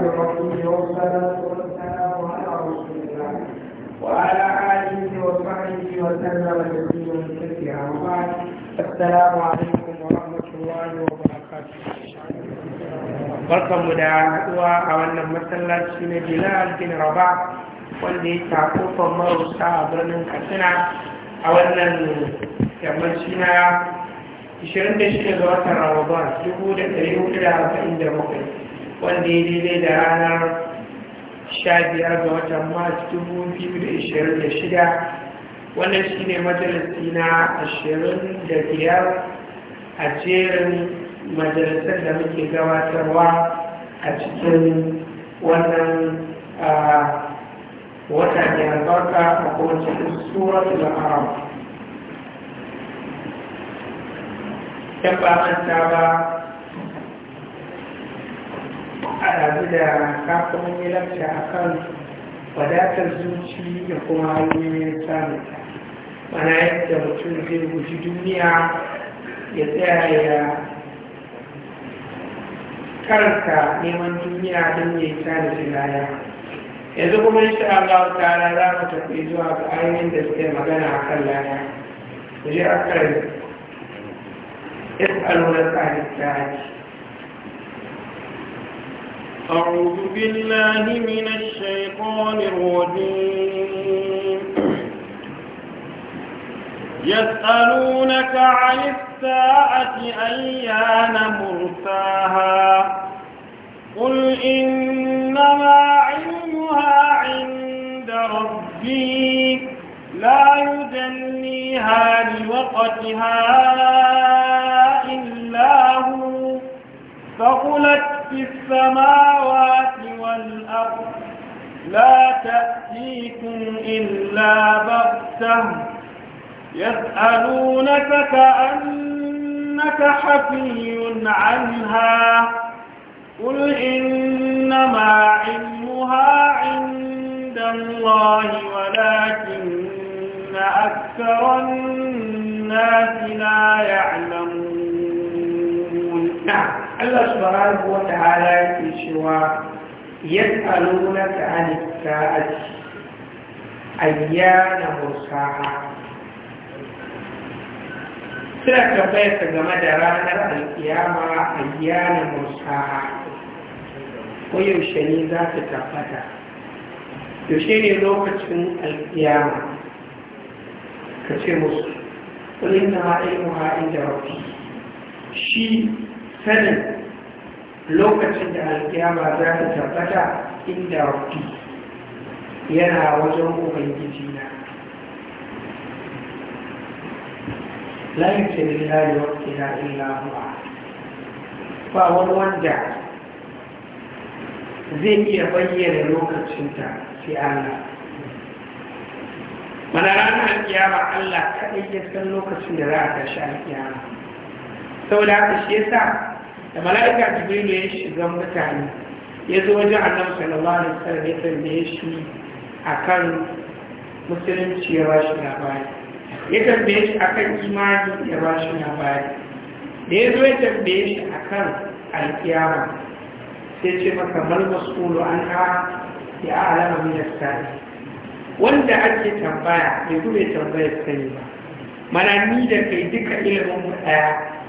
الله الرحيم kuma والسلام على رسول الله barkanmu da haɗuwa a wannan masallaci na bilal bin raba wanda ya takofan marusa a birnin katsina a wannan yammaci na 26 ga watan ramadan wanda ya daidai da ranar 15 ga watan mars shida, wannan shi ne majalisi na biyar a jerin majalisar da muke gabatarwa a cikin wannan wata da albarka a kowace da al'arab yan ba ba a rabu da kafin yi lafiya a kan wadatar zuci da kuma hanyoyin samun ta mana yadda mutum zai guji duniya ya tsaya ya karanta neman duniya don ya yi da laya yanzu kuma ga wata ta'ala za mu tafi zuwa ga ainihin da suke magana a kan laya ku je akan yas'aluna أعوذ بالله من الشيطان الرجيم يسألونك عن الساعة أيان مرساها قل إنما علمها عند ربي لا يدنيها لوقتها إلا هو فقلت في السماوات والأرض لا تأتيكم إلا بغتة يسألونك كأنك حفي عنها قل إنما علمها عند الله ولكن أكثر الناس لا يعلمون نعم Allah subhanahu wa ta'ala yake cewa yas'alunaka 'ani sa'ati ayyana mursaha suna tambayar ta game da ranar alkiyama ayyana mursaha ko yaushe ne za ta tabbata yaushe ne lokacin alkiyama ka ce musu kullum na ma'aimuha inda rafi shi sanin lokacin da alkiyama za ta tabbata inda Rufi yana wajen ubangiji na Laifin yake da ya wakil ya illa huwa ba wani wanda zai iya bayyana lokacinta fi ala mana ranar alkiyama Allah kaɗai ya san lokacin da za a tashi alkiyama saboda haka shi ya sa. da mala'ika jibrilu ya shiga mutane ya zo wajen annabi sallallahu alaihi wasallam ya tambaye shi akan musulunci ya bashi labari ya tambaye shi akan imani ya bashi labari da ya zo ya tambaye shi akan alkiyama sai ce maka mal masulu an ha ya alama min asali wanda ake tambaya bai gube tambayar sani ba mana ni da kai duka ilimin mu daya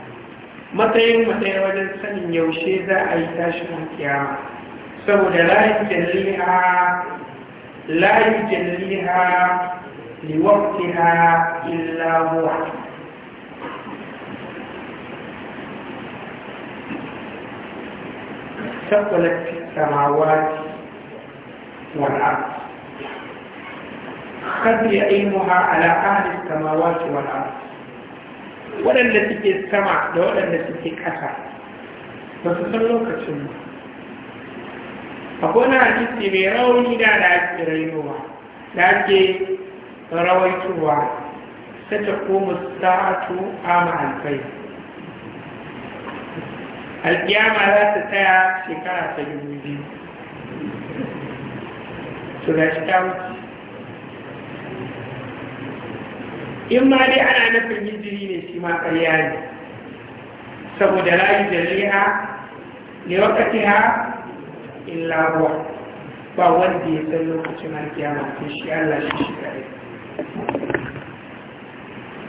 matsayin matsayin wajen sanin yaushe za a yi tashin kiyama saboda layin jalliha layin jalliha liwaktiha illa huwa ثقلت في السماوات والأرض خفي علمها على أهل السماوات والأرض waɗanda suke sama da waɗanda suke ƙasa ba su san lokacin ba a kone hadisi mai rauni da da ake rainowa da ake rawaituwa ta ta koma sa'atu ama alfai alƙiyama za ta taya shekara ta dubu biyu su da ta wuce in ma dai ana nufin hijiri ne shi ma ƙarya ne saboda layi jari'a ne wakati ha illa huwa ba wanda ya san lokacin alkiyama ko shi Allah shi shi kare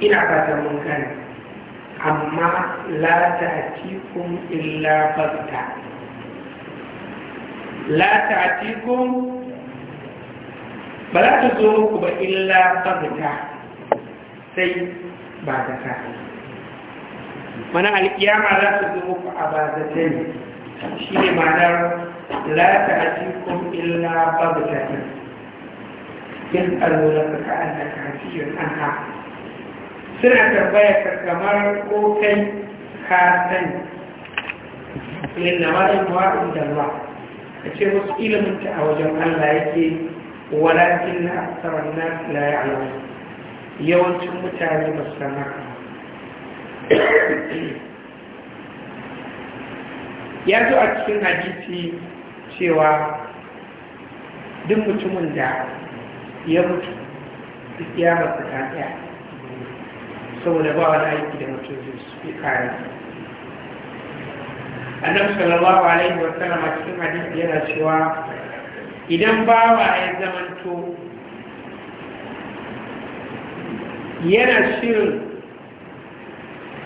ina fatan mun gane amma la ta'tikum illa fakta la ta'tikum ba za ta zo muku ba illa fakta sai ba da ta mana alkiyama za su zo ku a ba da ta ne shi ne ma'anar la ta ajikum illa ba da ta ne yin alwala ka an da kafiyar an ha suna tambaya ka kamar ko kai ka sani lin na ma'ayin wa'in da ba A ce wasu ilimin ta a wajen allah yake walakin na aksarar na la ya'lamu yawancin mutane ba su sana ya zo a cikin hadisi cewa duk mutumin da ya mutu duk ya ta ɗaya saboda ba wani aiki da mutum zai su kayan annabi sallallahu alaihi wa sallam a cikin hadisi yana cewa idan bawa ya zamanto yana shirin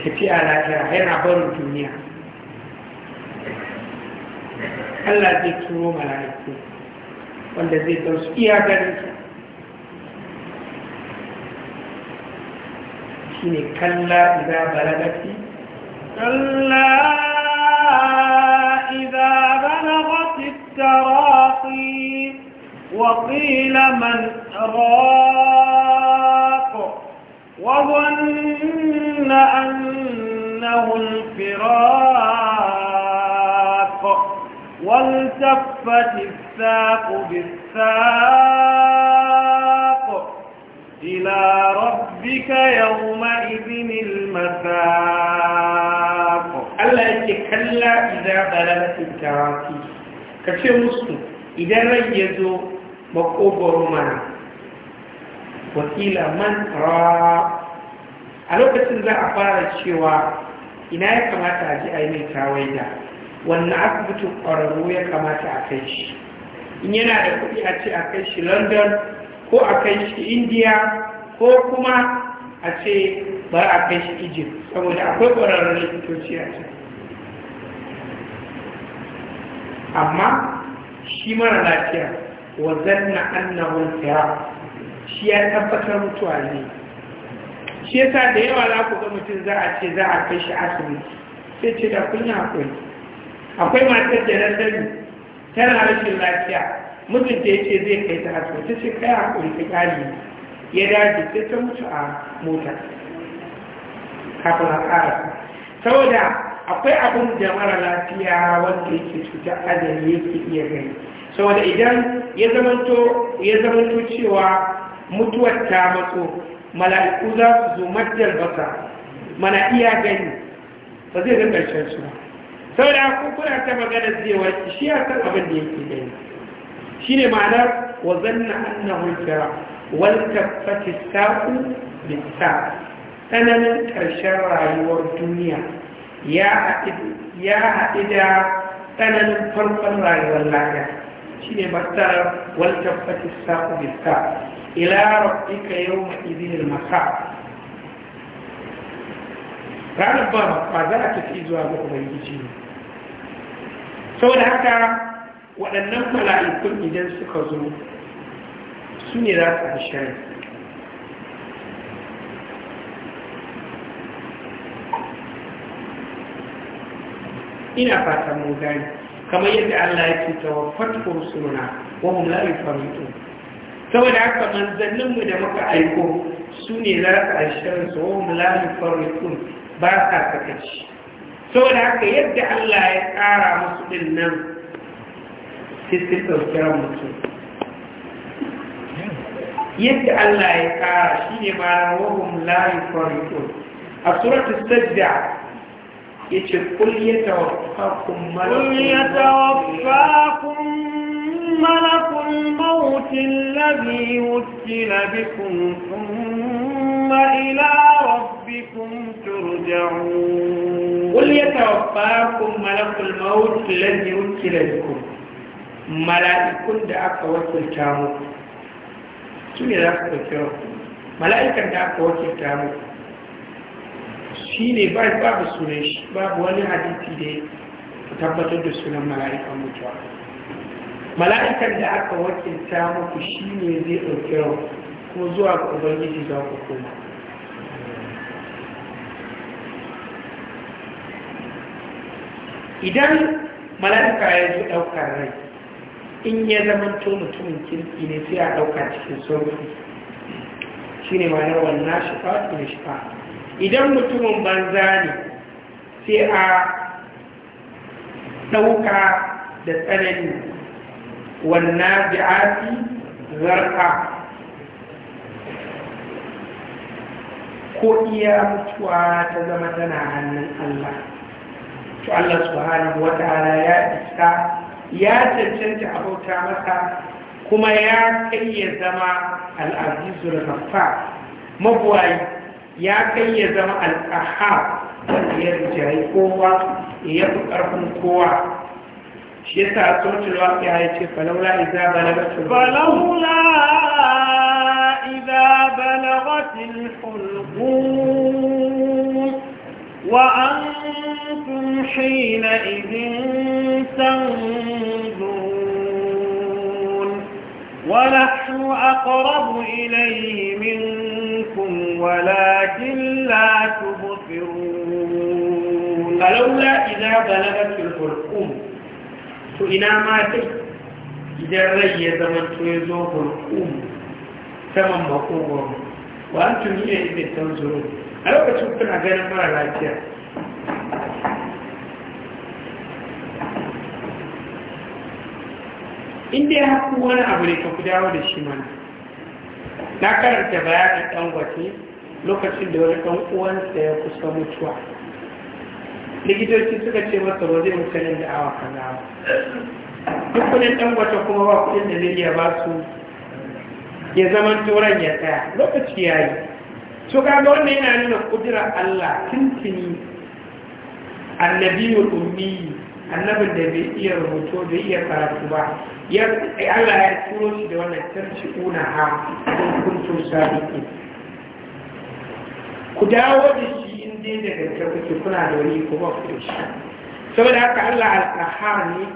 tafiya lafiya yana barin duniya Allah zai turo mala'iku wanda zai dausu iya ganinsa shi ne kalla iza balagati kalla iza balagati tarafi وقيل من راق وظن أنه الفراق والتفت الساق بالساق إلى ربك يومئذ المساق ألا يتكلى إذا بلغت الكراكي كشي مسلم إذا ريزوا مقوبر منه wakila man ra a lokacin za a fara cewa ina ya kamata a ji ainihin kawai da wannan asibitin ƙwararru ya kamata a kai shi in yana da kuɗi a ce a kai shi london ko a kai shi india ko kuma a ce ba a kai shi egypt saboda akwai ƙwararrun likitoci a can amma shi mara lafiya wa zanna annahun fira shi ya tabbatar mutuwa ne shi yasa da yawa za ku ga mutum za a ce za a kai shi asibiti sai ce da kun akwai akwai matar da na sani tana rashin lafiya mutum da ya ce zai kai ta asibiti ce kai akwai ta kari ya dace sai ta mutu a mota kafin a su. saboda akwai abin da mara lafiya wanda yake cuta ajali yake iya gani saboda idan ya zamanto cewa mutuwar ta matso mala'iku za su zo majjal basa mana iya gani ba zai ga ƙarshen su ba sau da ku ta magana zewa shi ya san abin da yake gani shi ne ma'ana wa zanna annahun fira wal tabbati sa'u bi tsananin ƙarshen rayuwar duniya ya haɗu da tsananin farkon rayuwar lafiya shi ne matsar wal tabbati sa'u bi ila rabbika yawma idhil maka. ranar ba ba za a tafi zuwa ga ubangiji Sau da haka waɗannan mala'ikun idan suka zo su ne za su bishari ina fatan mu gani kamar yadda Allah ya ce tawaffatu rusuluna wa hum la yufarritun saboda haka manzanninmu da muka aiko su ne za su ashirin su wani lamun farikun ba sa sakaci saboda haka yadda Allah ya tsara musu ɗin nan sai su ɗaukira mutum yadda Allah ya tsara shi ne mara wahun lamun farikun a suratu sajda ya ce kul ya tawaffakum mara kul ملك الموت الذي وسل بكم ثم إلى ربكم ترجعون قل يتوفاكم ملك الموت الذي وسل بكم ملائك دعك وسلتهم شنو ذاك الكلام ملائكة دعك وسلتهم shine ba babu sunan shi babu wani hadisi da ya tabbatar da sunan mala'ikan da aka wakilta muku shi ne zai ɗauki rau kuma zuwa ga ubangiji za ku koma idan mala'ika ya zo ɗaukar rai in ya zama to mutumin kirki ne sai a ɗauka cikin sauki shi ne ma'anar wannan shifa da shifa idan mutumin banza ne sai a ɗauka da tsanani والنازعات غرقا ko iya mutuwa ta zama tana hannun Allah to Allah subhanahu wa ta'ala ya iska, ya cancanta abota masa kuma ya kai ya zama al'azizul ghaffar mabwayi ya kai ya zama al'aha, wanda ya rijayi kowa ya fi ƙarfin kowa شيء تعطوت الواقع هايتي فلولا إذا بلغت الحلق فلولا إذا بلغت الحلق وأنتم حينئذ تنظرون ونحن أقرب إليه منكم ولكن لا تبصرون فلولا إذا بلغت الحلق to ina ma duk idan rai ya zama to ya zo hulkum saman makogon ba an tuni ne tan zuru a lokacin kuna ganin mara lafiya inda ya haku wani abu ne ka ku da shi mana na karanta bayanin ɗan gwate lokacin da wani ɗan uwansa ya kusa mutuwa likitoci suka ce masa waje mutane da awa kaza duk kudin dan wata kuma ba kudin da zai iya ba su ya zama turan ya tsaya lokaci ya yi so kaga wannan yana nuna kudura Allah tuntuni annabiyu ummi annabin da bai iya rubuto bai iya karatu ba ya Allah ya turo shi da wannan tarci una ha kun kuntum sabiqin ku dawo da shi dai da gaske kuke kuna da wani kuma ku da shi saboda haka Allah al-qahhar ne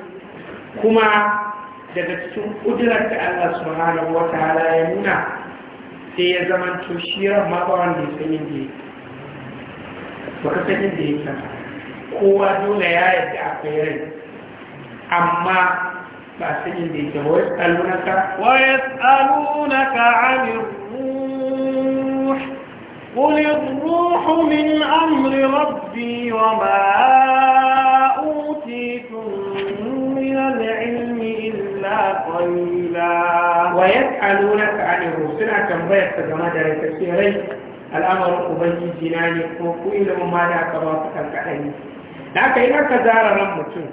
kuma daga cikin kudurar da Allah subhanahu wa ta'ala ya nuna sai ya zama to shi ma ba wanda ya san inda yake ba ka san inda yake kowa dole ya yarda akwai rai amma ba san inda yake ba wai tsalunaka wa yas'alunaka 'anil ruh قل الروح من أمر ربي وما أوتيتم من العلم إلا قليلا ويسألونك عن الرسل كم بيت كما جرى تفسيري الأمر أبي جناني وقيل ما لا كباس كالكأني لكن إذا كزار رمتون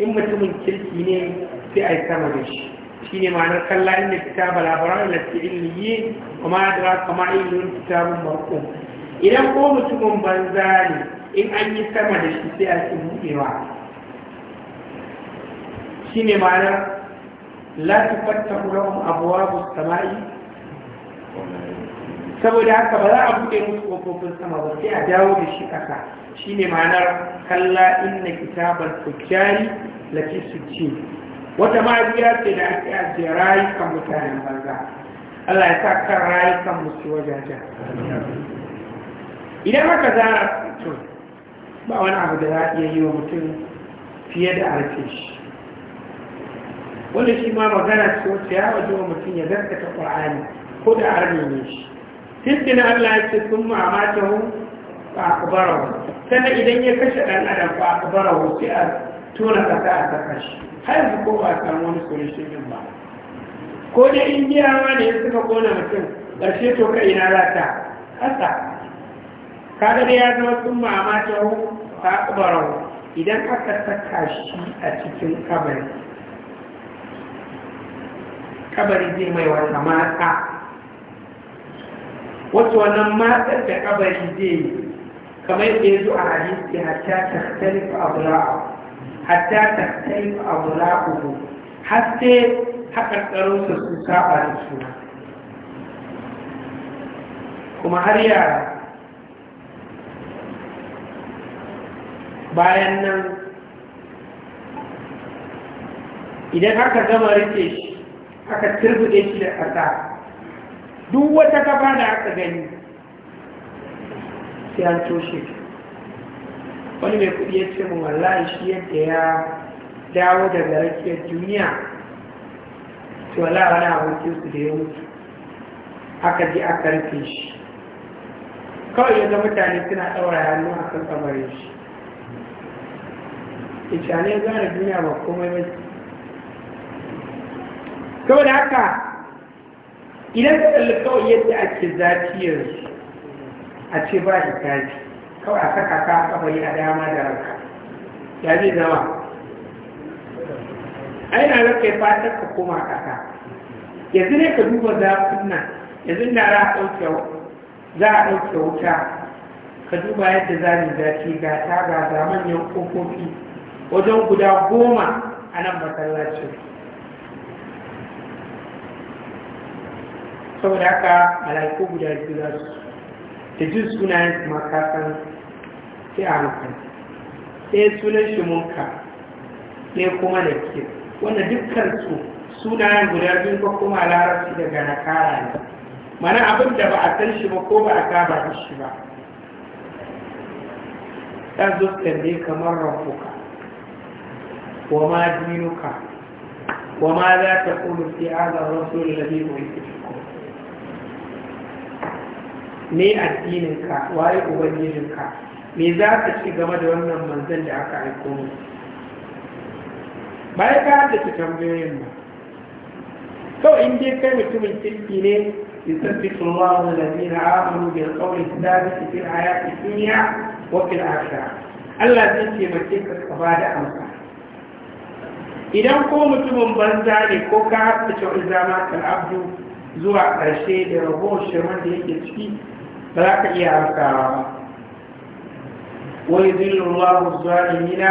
إن متمن كلكي ne sai a yi sama da shi shi ne ma'anar kalla inda kitaba labaran lafi ilmiyi kuma adira kama ilimin kitabun marko idan ko mutumin banza ne in an yi sama da shi sai a cikin buɗewa shi ne ma'anar la su fatta hulahun abuwa bu sama'i saboda haka ba za a buɗe musu ƙofofin sama ba sai a dawo da shi ƙasa shi ne ma'anar kalla inna kitabar fujjari lafi su ce wata biya ce da ake ajiye rayukan mutanen banza Allah ya sa kan rayukan musu wajajen idan aka zara tun, ba wani abu da za a iya yi wa mutum fiye da arfe shi wanda shi ma magana ce wacce ya waje wa mutum ya ta ƙwar'ani ko da arme ne shi tuntuna Allah ya ce sun ma'amata hu ba a kubarawa sannan idan ya kashe ɗan adam ba a kubarawa sai a tona ƙasa a saka shi har yanzu ko a samu wani solution din ba ko da indiyawa ne suka kona mutum ƙarshe to ka ina za ta ƙasa kaga da ya zama sun mamata hu ta ɓarau idan aka saka shi a cikin kabari kabari zai mai wata mata wata wannan matar da kabari zai yi kamar da ya zo a hadisi hatta ta abu hatta ta kai a wula uku har sai haƙarƙarunsa su saba da suna kuma har yara bayan nan idan aka gama rike shi aka turbuɗe shi da ƙasa duk wata gaba da aka gani sai an toshe shi wani mai kudi ya ce mun wallahi shi yadda ya dawo daga rakiyar duniya to wallahi wani abokin su da ya mutu aka ji aka rufe shi kawai yadda mutane suna ɗaura hannu a kan kamarin shi ita ne duniya ba komai ba kawai da haka idan ka tsalli kawai yadda ake zafi yanzu a ce ba shi kaji kawai a saka ka kabari a dama da ranka ya zai zama ai na ga fatar ka koma ƙasa. yanzu ne ka duba zafin nan yanzu da za a ɗauke za a ɗauke wuta ka duba yadda zamin zafi ga ta ga ga manyan kofofi wajen guda goma a nan masallaci saboda haka mala'iku guda biyu za su da sunayen su makasan sai a hankali ɗaya sunan shi munka ɗaya kuma da ke wanda dukkan su sunayen guda biyu ko kuma larabci daga kara ne mana abin da ba a san shi ba ko ba a saba da shi ba ɗan zuskan ne kamar rabuka wa ma dinuka wa ma za ta kuma fi azar rasulun da bai kuma Ne addininka waye ubangijinka me za ka ci game da wannan manzan da aka aiko mu bai ka ci tambayoyin ba kawai in dai kai mutumin kirki ne يثبت amanu bil qawli بالقول الثابت hayati dunya wa fil akhirah Allah zai ce mace ka kaba da amsa idan ko mutumin banza ne ko ka haɗa cewa zama abdu zuwa ƙarshe da rabo shirman da yake ciki ba za ka iya amsawa ba wai zillu Allahu zalimina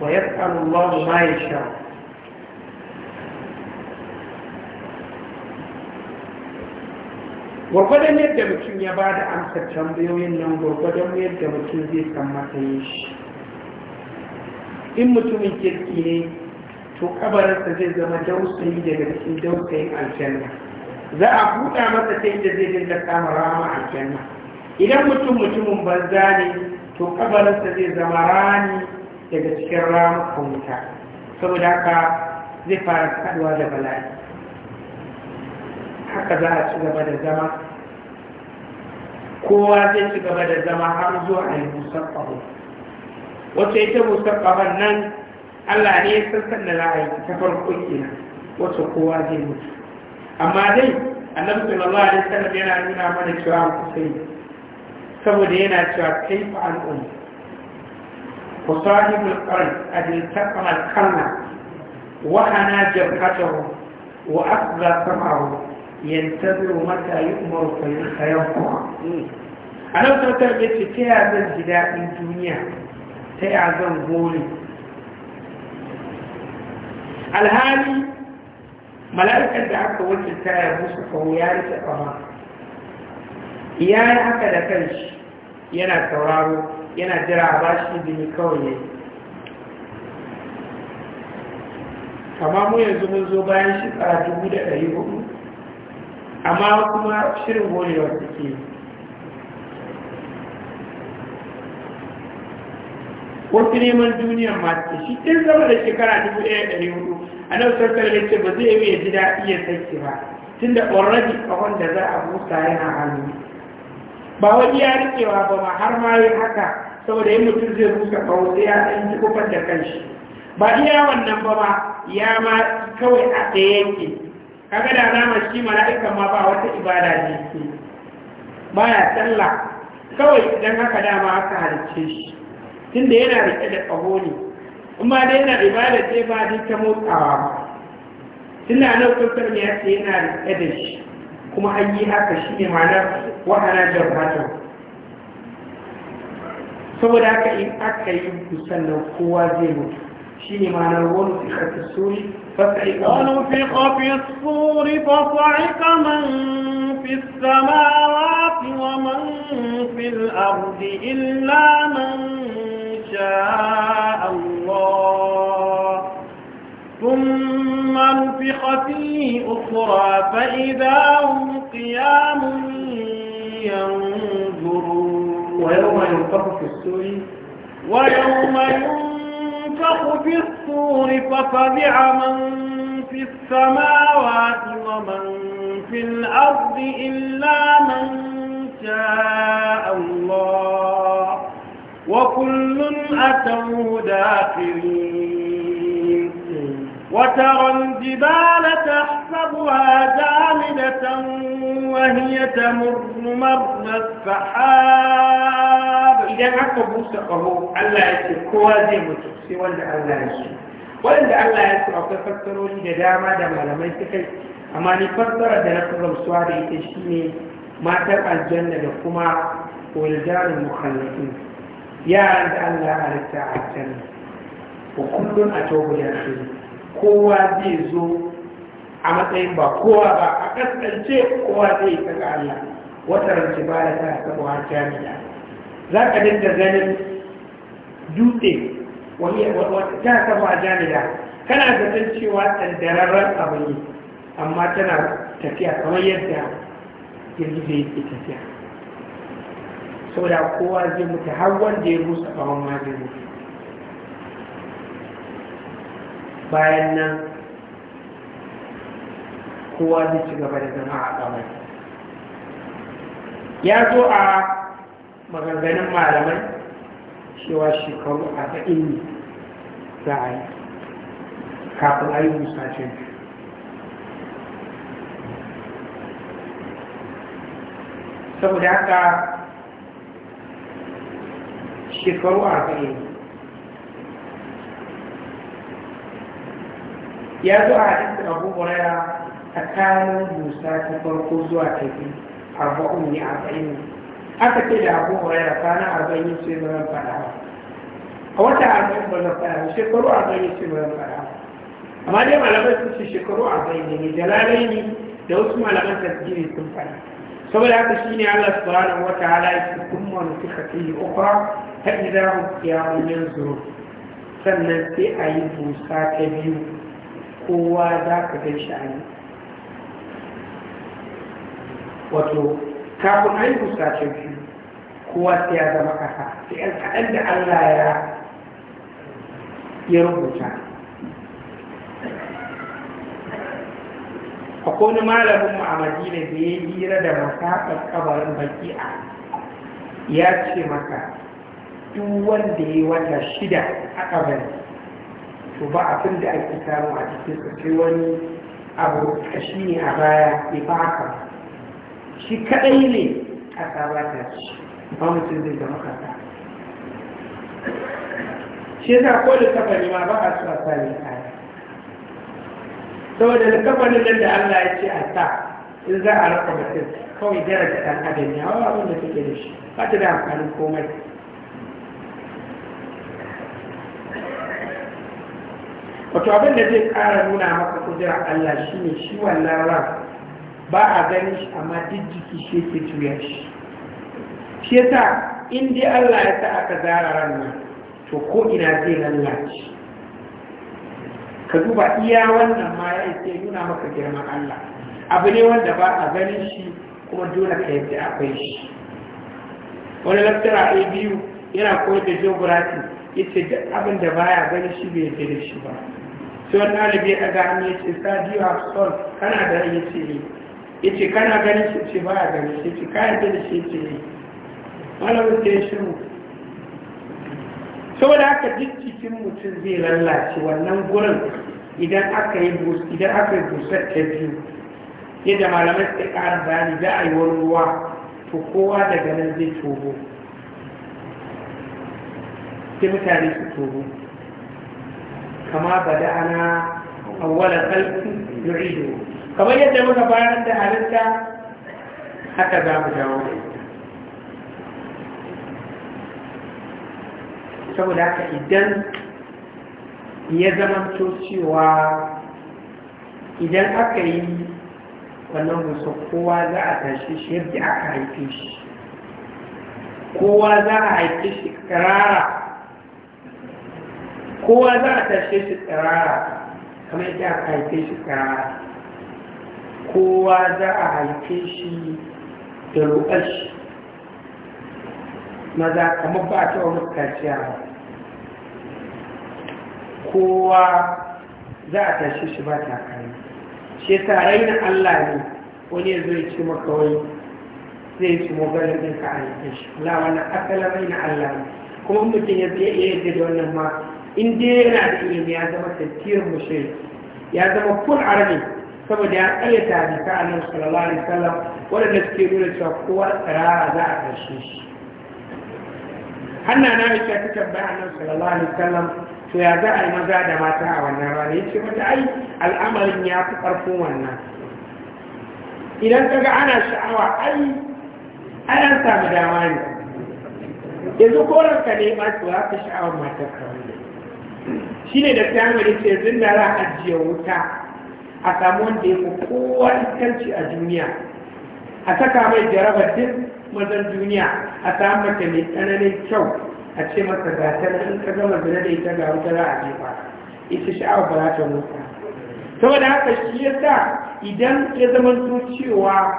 wa yas'alu Allahu ma yasha gwargwadon yadda mutum ya ba da amsar tambayoyin nan gwargwadon yadda mutum zai san matsayin shi in mutumin kirki ne to kabarinsa zai zama dausayi daga cikin dausayin aljanna za a buɗa masa ta inda zai dinga samun rama aljanna idan mutum mutumin banza ne to kabarinsa zai zama rani daga cikin ramukan wuta saboda haka zai fara kaduwa da bala'i haka za a ci gaba da zama kowa zai ci gaba da zama har zuwa a yi musamman wacce ita musamman nan allah ne ya sassan da la'ayi ta farko kenan wacce kowa zai mutu amma dai annabi sallallahu alaihi wasallam yana nuna mana cewa kusa saboda yana cewa kai fa al'umma ku sahibul qarin adil taqama al-qarna wa hana jabhatahu wa aqza sam'ahu yantaziru mata yu'maru fa yakhayyahu anan sautar ya ce ta ya zan ji daɗin duniya ta ya zan gole alhali mala'ikar da aka wakilta ya musu kawo ya rike ƙama ya yi haka da kanshi yana sauraro yana jira a bashi izini kawai ne kama mu yanzu mun zo bayan shekara dubu da ɗari hudu amma kuma shirin golewa suke wasu neman duniya masu shi ɗin zama da shekara dubu ɗaya ɗari hudu a nan sarkar da ce ba zai yi ya ji daɗi ya sake ba tun da already ƙahon da za a busa yana hannu ba wani ya rikewa ba ma har ma yi haka saboda yin mutum zai rusa kawo sai ya ɗan ji kufar da kanshi ba iya wannan ba ma ya ma kawai a tsaye yake kaga da alamar shi mala'ikan ma ba wata ibada ne ke ya sallah kawai idan haka dama aka halice shi tunda yana rike da ƙaho ne ma da yana ibada ce ba ni ta motsawa ba tunda nan kusur ya ce yana rike da shi kuma an yi haka shi ne mana wahana jabhata saboda haka in aka yi sannan kowa zai mutu shi ne mana wani fikata suri ونفق في الصور fi من في wa man في الأرض illa man sha Allah. فيه أخرى فإذا هم قيام ينظرون ويوم ينفخ في السور ويوم ينفخ في السور ففزع من في السماوات ومن في الأرض إلا من شاء الله وكل أتوه داخلين وترى الجبال تحسبها جامدة وهي تمر مر السحاب إذا أكا بوسى قهو الله يسير كوازي متوسي ولا الله يسير ولا الله يسير أكا فكروا لي جداما دما لما يسكي أما نفكر دنا كرم سواري تشيني ما تبع الجنة لكما ولدان المخلفين يا عند الله على الساعة الجنة وكل أتوب إلى خير kowa zai zo a matsayin ba kowa ba a kaskance kowa zai yi saka Allah wata rance ba da tana tabawa jami'a za ka dinga ganin dutse wani wata tana wa jami'a kana zaton cewa tsandararren abu ne amma tana tafiya kamar yadda yanzu zai yi tafiya saboda kowa zai mutu har wanda ya rusa kawon magani bayan nan kowa zai ci gaba da zama a kamar ya zo a maganganun malamai cewa shekaru a ta'in ne za a yi kafin a yi saboda haka shekaru a ta'in ya zo a hadisin abu huraira tsakanin musa ta farko zuwa ta biyu arba'un ne arba'in aka ce da abu huraira kwana arba'in sai ba zan faɗa ba a wata arba'in ba zan faɗa shekaru arba'in sai ba zan amma dai malamai sun ce shekaru arba'in ne jalalai ne da wasu malaman tasiri sun faɗa saboda haka shi ne Allah subhanahu wa ta'ala ya ce kun ma nufi hakili ukra ta idan ya kiyamun yanzuru sannan sai a yi busa ta biyu kowa za ka gan shi a wato kafin an yi fuskacin biyu kowa sai ya zama kasa sai yan kaɗan da allah ya ya rubuta A kone malamin mu a madina da ya yi hira da masakar kabarin a ya ce maka duk wanda ya yi wata shida a kabari to ba abin da ake samu a cikin sai wani abu kashi ne a baya ya ba haka shi kadai ne a ba ta ci ba mutum zai zama kasa shi yasa ko da kafa ma ba a su a sa kaya saboda da kafa nan da Allah ya ce a sa in za a raka mutum kawai daraja ɗan adam ya hawa abin da take da shi ba ta da amfanin komai wato abin da zai ƙara nuna maka kudura Allah shi ne shi wannan ran ba a gani shi amma duk jiki shi ke tuya shi shi yasa in dai Allah ya sa aka zara ran to ko ina zai lallace ka duba iya wannan ma ya ce nuna maka girman Allah abu ne wanda ba a ganin shi kuma dole ka yadda akwai shi wani laftara a biyu yana koyar da geography ya ce duk abin da baya gani shi bai yadda da shi ba sai ɗalibi a ɗaga yace ya ce sadiyo sol kana da ya ce ne eh. yace kana gani shi ce ba a gani shi ce kayan da shi ce ne eh. malamin shi mu shiru saboda aka duk cikin mutum zai lallace wannan gurin idan aka yi idan aka yi busar ta biyu yadda malamai suka ƙara bayani za a yi wani ruwa to kowa daga nan zai tobo sai mutane su tobo kama bada'ana awwala khalqi nu'idu kamar yadda muka bayar da halitta haka za mu dawo saboda haka idan ya zama cewa idan aka yi wannan gusa kowa za a tashi shi yadda aka haife shi kowa za a haife shi karara kowa za a tashe shi tsirara kamar yadda aka haife shi tsirara kowa za a haife shi da roƙar shi maza kamar ba a cewa muskaciya ba kowa za a tashe shi ba ta takari shi ta raina Allah ne wani ya zai ce maka wai zai ci mogalin ɗinka a yankin shi Allah wannan asalin raina Allah ne kuma mutum ya zai iya yadda da wannan ma in dai yana da ilimi ya zama tattiyar mushrik ya zama kun arabi saboda ya karyata hadisa annabi sallallahu alaihi wadda da suke nuna cewa kowa tsara za a karshe shi hanna na aisha ta tambaya annabi sallallahu alaihi sallam to ya za a yi maza da mata a wannan rana ya ce mata ai al'amarin ya fi karfin wannan idan ka ga ana sha'awa ai ai an samu dama ne yanzu koranka ne ba su ka sha'awar matar kawai shi ne da firamare ce zin da ra ajiye wuta a samu wanda ya fi kowa iskanci a duniya a saka mai jarabar din mazan duniya a samu mace mai tsananin kyau a ce masa ga ta in ka zina da ita ga wuta za a jefa ita sha'awa ba za ta mutu haka shi ya sa idan ya zamanto cewa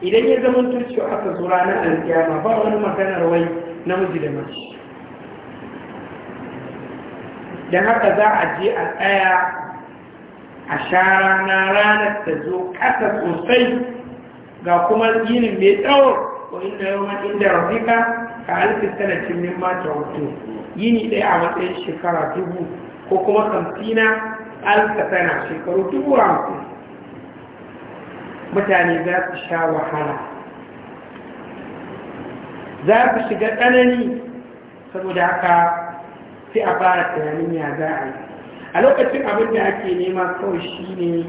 idan ya zama cewa aka zo ranar alkiyama ba wani maganar wai namiji da mace Da haka za a je a tsaya a sha rana ranar ta zo ƙasa sosai ga kuma yinin mai tsawo ko inda yawan inda rafika ka alfi sanacin mimma ta hoto yini ɗaya a matsayin shekara dubu ko kuma kamfina alka sana shekaru dubu hamsin mutane za su sha wahala za su shiga tsanani saboda haka sai a fara tunanin ya za a yi a lokacin abin da ake nema kawai shi ne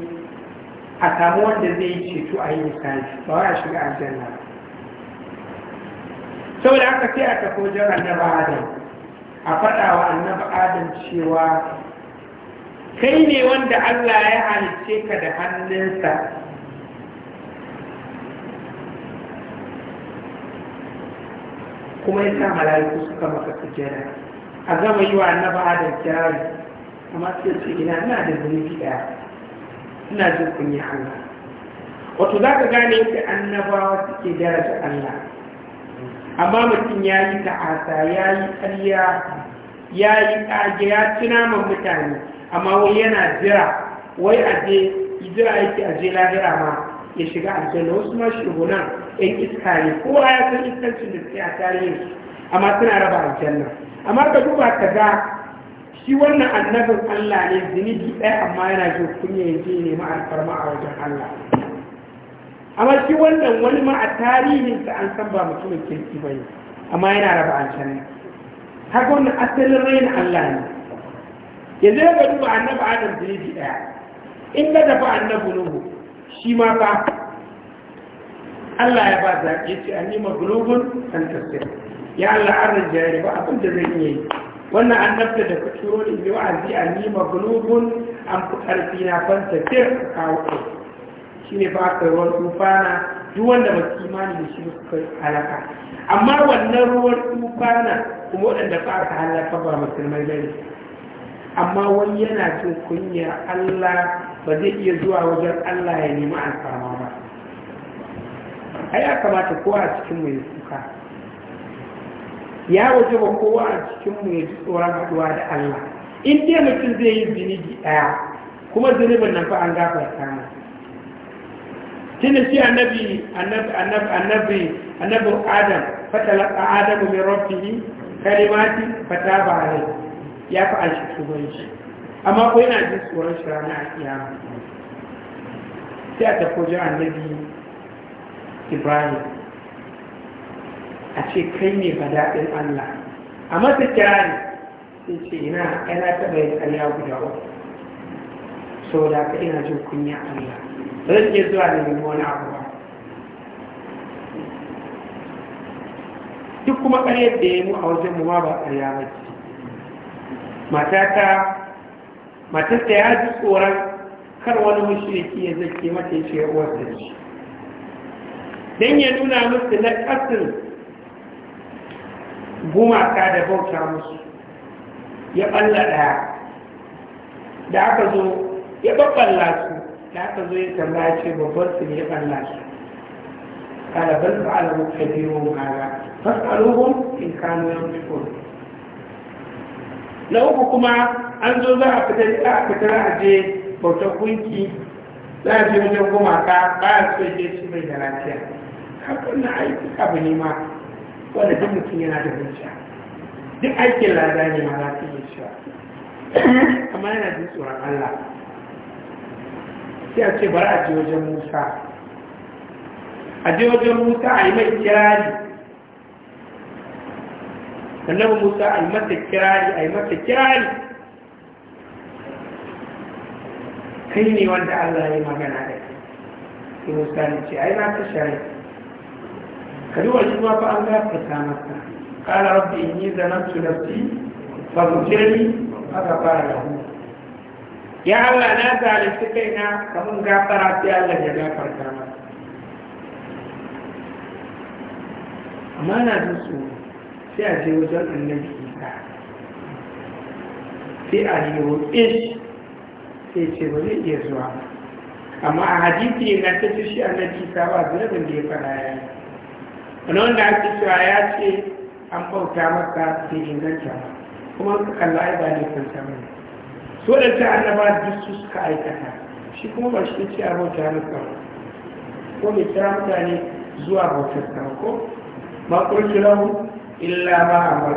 a samu wanda zai yi ceto a yi misali ba wa a shiga aljanna saboda haka sai a tafi wajen annaba adam a faɗa wa annaba adam cewa kai ne wanda allah ya halice ka da hannunsa kuma ya sa mala'iku suka maka sujjada a gama yi wa annaba adam kirari amma sai ce ina ina da zunubi daya ina jin kunya Allah wato za ka gane yadda annabawa suke daraja Allah amma mutum ya yi ta'asa ya yi ƙarya ya yi ƙage ya ci naman mutane amma wai yana jira wai a je jira yake a je lahira ma ya shiga aljanna wasu ma shugunan yan iska ne kowa ya san iskancin da suke a tarihin amma suna raba aljanna amma ka duba ka ga shi wannan annabin Allah ne zunubi ɗaya amma yana jin kunya ya je nema alfarma a wajen Allah amma shi wannan wani ma a tarihinsa an san ba mutumin kirki ba ne amma yana raba aljanna haka wannan asalin raina Allah ne yanzu ka duba annabi Adam zunubi ɗaya in na dafa annabi Nuhu shi ma ba Allah ya ba zaɓe ce an yi maglubun an ya Allah an rinjaye ba abin da zai iya yi wannan annabta da ka da wa'azi a nima gulubun an fi ƙarfi na fanta ce ka kawo ɗai shi ne ba ka ruwan tufana duk wanda ba su imani da shi suka halaka amma wannan ruwan tufana kuma waɗanda ba ka halaka ba musulmai ba ne amma wani yana cin kunya Allah ba zai iya zuwa wajen Allah ya nemi alfarma ba A ya kamata kowa a cikin mai suka ya waje ba kowa a cikinmu ya ji tsoron haɗuwa da Allah in dai mutum zai yi zunubi ɗaya kuma zunubin nan fa an gafarta masa tunda shi annabi annabi annabi annabi adam fatalaqa adam min rabbih kalimati fataba alai ya fa an shi tsoron shi amma ko yana jin tsoron shi ranar kiyama sai a tafi wajen annabi ibrahim a ce kai ne daɗin Allah a masa kirari sun ce ina yana taɓa yin ƙarya guda so da, ka ina jin kunya Allah zan iya zuwa da nemi wani abu ba duk kuma ƙaryar da ya mu a wajen mu ma ba ƙarya ba ce matata matarsa ya ji tsoron kar wani mushriki ya zake mata ya ce ya uwar da shi don ya nuna musu na ƙasar. gumaka da bauta musu ya balla ɗaya da aka zo ya babballa su da aka zo ya ya ce babban su ya balla su kada bal fa'ala mukabirun hada fas'aluhum in kanu yanfiqun na uku kuma an zo za a fita za a fita a je bautar kunki za a je wajen gumaka ba a so je su mai da lafiya kafin na aiki abu ne ma wanda duk mutum yana da zuciya duk aikin lada ne ma za su yi cewa amma yana jin tsoron Allah sai a ce bari a je wajen Musa a je wajen Musa a yi mai kirari annabi Musa a yi masa kirari a yi masa kirari kai ne wanda Allah ya magana da kai Musa ne ce ai na ta shari'a kaduwa shi ma fa an gafarta masa qala rabbi inni zalamtu nafsi faghfirli aka fara lahu ya Allah na zalunci kaina kamun gafara sai Allah ya k'a ma. amma na jin tsoro sai a je wajen annabi isa sai a yi roƙe shi sai ce ba zai iya zuwa amma a hadisi na ta ce shi annabi isa ba zunubin da ya fara ya yi wani wanda ake cewa ya ce an bauta maka da inganta kuma ka kalla ai ba ne kanta ba so da ta annaba duk su suka aikata shi kuma ba shi ce a bauta maka ko mai kira mutane zuwa bautar ka ko ma kulki lahu illa ma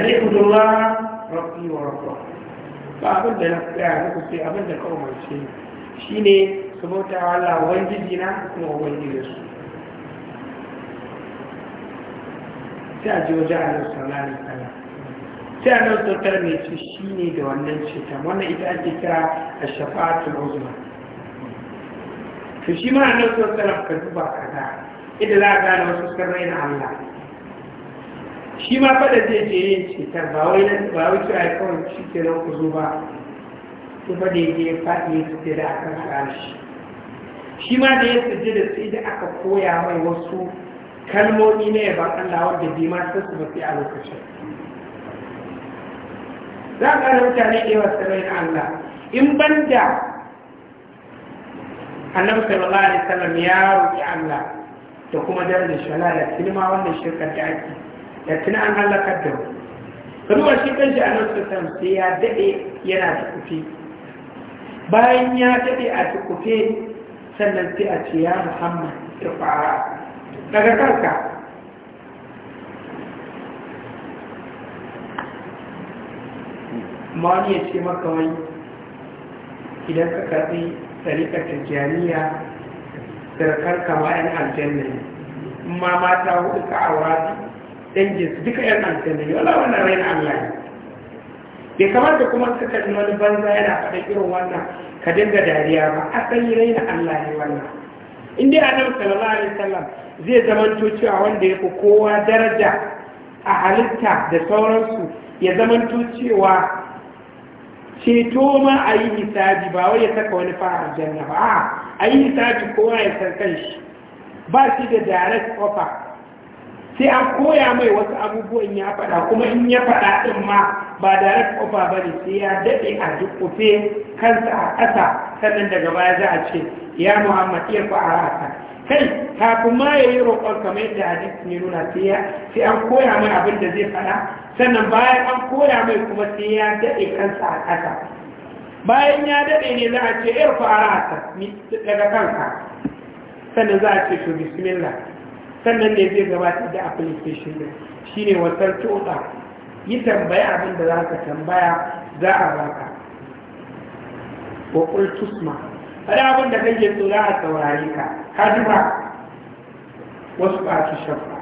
ne ku zuwa rabbi wa rabba ba abin da na tsaya na sai abin da ka umarce Shi ne su bauta wa Allah ubangiji na kuma ubangiji su sai a ji wajen alaihi sallallahu alaihi wasallam sai annabi sallallahu mai ce shi ne da wannan cutar, wannan ita ake kira a tun uzma to shi ma annabi sallallahu alaihi ka duba kaza idan za a gane wasu sirrai na Allah shi ma fada zai je yin cutar ba wai nan ba wai cewa kawai shi ke nan ku zo ba ko fa da ya faɗi ya fice da akan shi shi ma da ya sujjada sai da aka koya mai wasu kalmomi na ya Allah wanda bi ma su ba a lokacin za ka ga mutane da yawa sarai Allah in banda annabi sallallahu alaihi wasallam ya roki Allah da kuma darajar shala da tilma wannan shirkar da ake da tuna an halakar da mu shi kanshi annabi sallallahu alaihi sai ya dade yana da kufi bayan ya daɗe a tukufe sannan sai a ce ya Muhammad fara daga kanka mawani ya ce maka wai idan ka karbi tsarikar tijjaniya tsarkar ma yan aljanna ne ma mata hudu ka aura dangin su duka yan aljanna ne wala wannan raina allah ne bai kamata kuma ka kalli wani banza yana faɗa irin wannan ka dinga dariya ba asali raina allah ne wannan in dai annabi sallallahu alaihi wasallam zai zama cewa wanda ya fi kowa daraja a halitta da sauransu ya zama cewa ceto ma a yi hisabi ba wai ya saka wani fa'ar janna ba a yi hisabi kowa ya san kanshi ba shi da direct offer sai an koya mai wasu abubuwan ya faɗa kuma in ya faɗa ɗin ma ba direct offer ba ne sai ya daɗe a duk kufe kansa a ƙasa sannan daga baya za a ce ya muhammad iya ku a haka kai kafin kuma ya yi roƙon kamar yadda hadisi ne nuna sai an koya mai abin da zai faɗa sannan bayan an koya mai kuma sai ya daɗe kansa a ƙasa bayan ya daɗe ne za a ce iya ku a haka daga kanka sannan za a ce to bismillah sannan ne zai gabatar da application din shine wasar tota yi tambaya abin da za ka tambaya za a baka wa tusma faɗi abin da kake so za a saurare ka ka ji ba wasu ba su shafa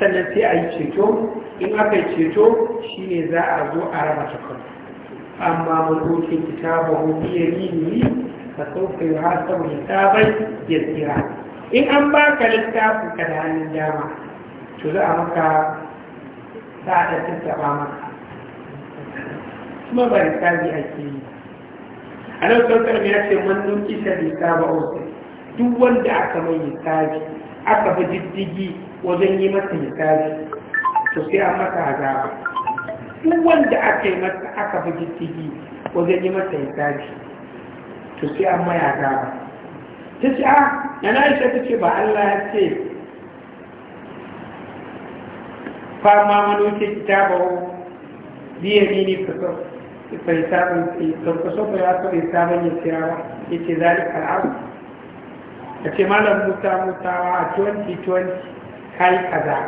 sannan sai a yi ceto in aka yi ceto shine za a zo a raba takwas amma mulkokin kitabahu biya yini ka ka yi hasabu hisabai ya tsira in an ba ka littafin ka da hannun dama to za a maka za a tattaba maka kuma ba da ake yi nan sarkar ya ce man nuki sadika ba wasu duk wanda aka mai hisabi aka fi diddigi wajen yi masa hisabi to sai an masa azaba duk wanda aka yi masa aka fi diddigi wajen yi masa hisabi to sai an mai azaba ta ce a ah, na isa ta ce ba Allah ya ce fama manoke kitabahu biya ne ne fasau فيتاب سوف سوف يأتوا يتراوا يتي ذلك العرض أتي مالا موتا موتا كاي كذا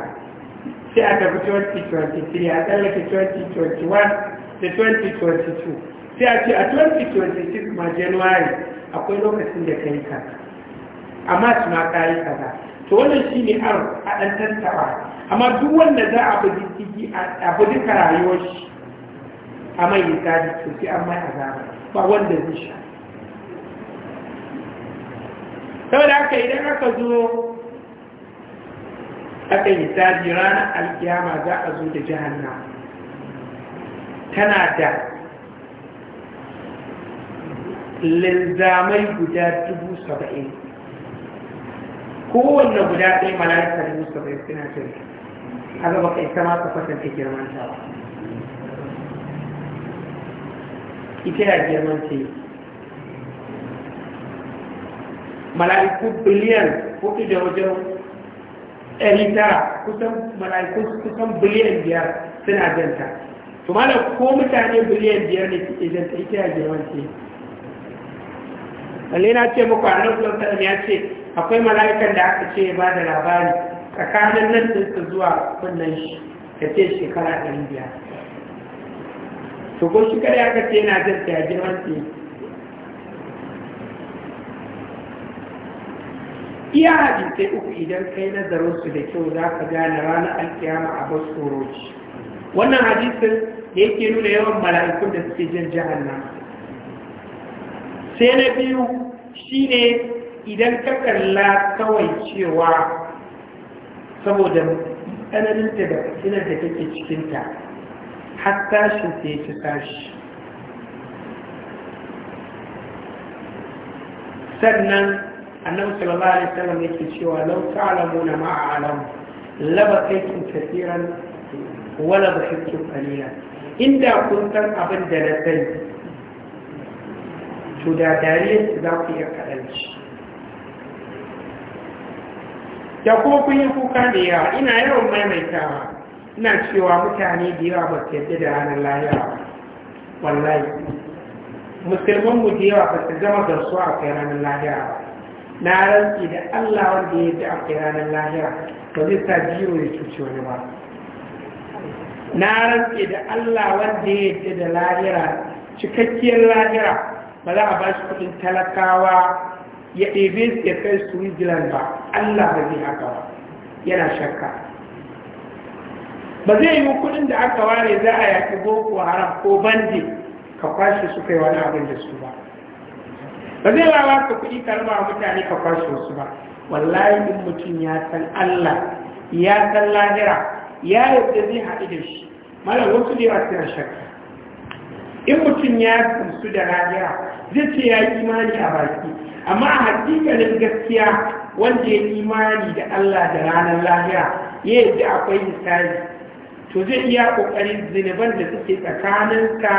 sai a tafi 2023 a tsallake 2021 da 2022 sai a 2026 ma januwari akwai lokacin da ka yi ka. amma su ma ka yi kaza to wannan shi ne har a ɗan tattaɓa amma duk wanda za a bi a bi a mai misali to sai an mai azaba ba wanda zai sha saboda haka idan aka zo aka yi misali ranar alkiyama za a zo da jihannama tana da linzamai guda dubu saba'in kowanne guda ɗaya mala'ika dubu saba'in suna jirgin haka baka isa ma ka kwatanta girman ta ba ita ya girman ce mala'iku biliyan hudu da wajen ɗari tara kusan mala'iku kusan biliyan biyar suna janta to mana ko mutane biliyan biyar ne suke janta ita ya girman ce lalle na ce muku a nan ya ce akwai mala'ikan da aka ce ba da labari tsakanin nan ɗinsa zuwa kunnan shi ya ce shekara ɗari biyar to ko shi kada aka ce na tafiya girman ce iya hadisai uku idan kai nazarin su da kyau za ka gane ranar alkiyama a bas wannan hadisin da yake nuna yawan mala'ikun da suke jin nan. sai na biyu shine idan ka kalla kawai cewa saboda tsananinta da fitinar da kake cikinta har sai ta tashi sannan annabi sallallahu alaihi wasallam yake cewa law ta'lamuna ma a'lamu labaqaytum kathiran wa labaqaytum qalilan inda kun san abin da na sani to da dariyar za ku iya kaɗanci da kuma kun yi kuka da yawa ina yawan maimaitawa ina cewa mutane da yawa ba su yadda da ranar lahira wallahi musulman mu da yawa ba su zama su a kai ranar lahira ba na rantsi da allah wanda ya yadda a kai ranar lahira ba zai sa biyu ya cuci wani ba na rantsi da allah wanda ya yadda da lahira cikakkiyar lahira ba za a ba shi kudin talakawa ya ɗebe su ya kai su ba allah ba zai haka ba yana shakka ba zai yi kudin da aka ware za a yaƙi boko haram ko bandi ka kwashe su kai wani abin da su ba ba zai wawa ka kudi karba wa mutane ka kwashe su ba wallahi in mutum ya san allah ya san lahira ya yadda zai haɗu da shi malam wasu ne a tsira shakka in mutum ya su da lahira zai ce ya yi imani a baki amma a hakikalin gaskiya wanda ya yi imani da allah da ranar lahira ya yadda akwai misali to zai iya kokarin zinuban da suke tsakaninka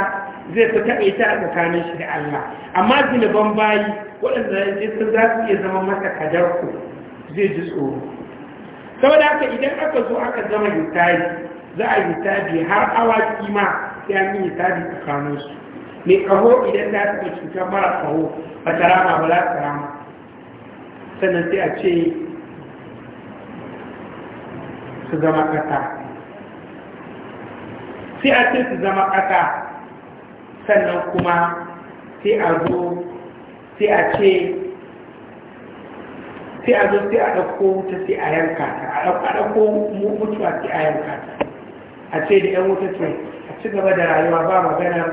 zai fi taɓaita a tsakanin shi da Allah amma zinuban bayi waɗanda ya sun za su iya zama masa ku zai ji tsoro saboda haka idan aka zo aka zama hitabi za a hitabi har awaki ma sai an yi hitabi su mai kaho idan za su cutar mara kaho ba ta rama ba za ta rama sannan sai a ce su zama ƙasa sai a ce su zama ƙasa sannan kuma sai a zo sai a ce sai a zo sai a ɗauko wuta sai a yanka ta a ɗauko mutuwa sai a yanka ta a ce da ‘yan wuta ce a ci gaba da rayuwa ba magana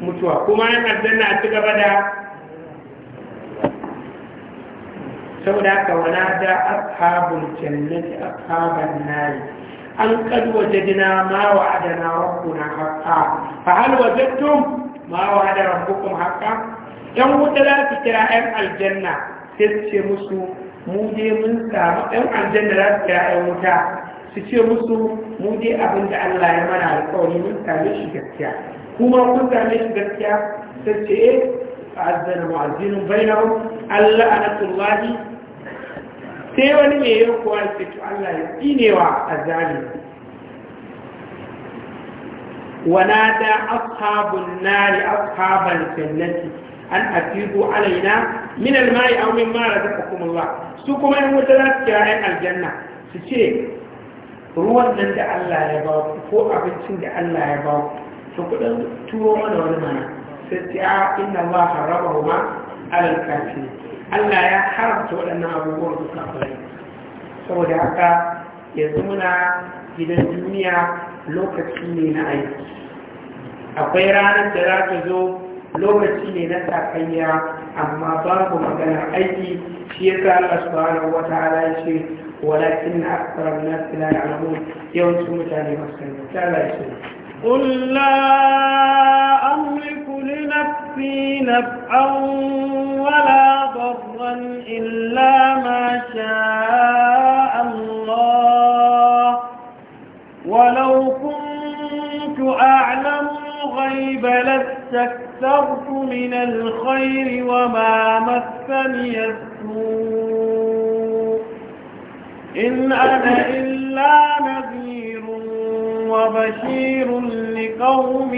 mutuwa kuma yan aljanna a ci gaba da saboda haka wana da ashabul jannati ashaban nari an kad wajadna ma wa'adana rabbuna haqqan fa hal wajadtum ma wa'ada rabbukum haqqan dan wuta da su kira aljanna sai su ce musu mu dai mun samu ɗan aljanna da su kira ɗan wuta su ce musu mu dai abin da Allah ya mana alƙawari mun same shi gaskiya kuma kun same shi gaskiya sai ce eh fa'azzana mu'azzinun bainahum Allah anatullahi sai wani mai yau kuwa ce to Allah ya tsinewa a zalimi wana da ashabun nari ashaban jannati an asibu alaina min almai aw min ma razaqakum Allah su kuma yan wuta za su kira yan aljanna su ce ruwan nan da Allah ya ba ku ko abincin da Allah ya ba ku to kudin turo mana wani mana sai ce inna Allah haramahu ma alal kafirin Allah ya haramta waɗannan abubuwan su kafirai saboda haka yanzu muna gidan duniya lokaci ne na aiki akwai ranar da za ta zo lokaci ne na takanya amma babu maganar aiki shi ya sa Allah subhanahu wata ala ce walakin akthara an-nas yawancin mutane masu sanin ta la قل لا أملك لنفسي نفعا ولا ضرا إلا ما شاء الله ولو كنت أعلم الغيب لاستكثرت من الخير وما مسني السوء إن أنا إلا نذير وبشير لقوم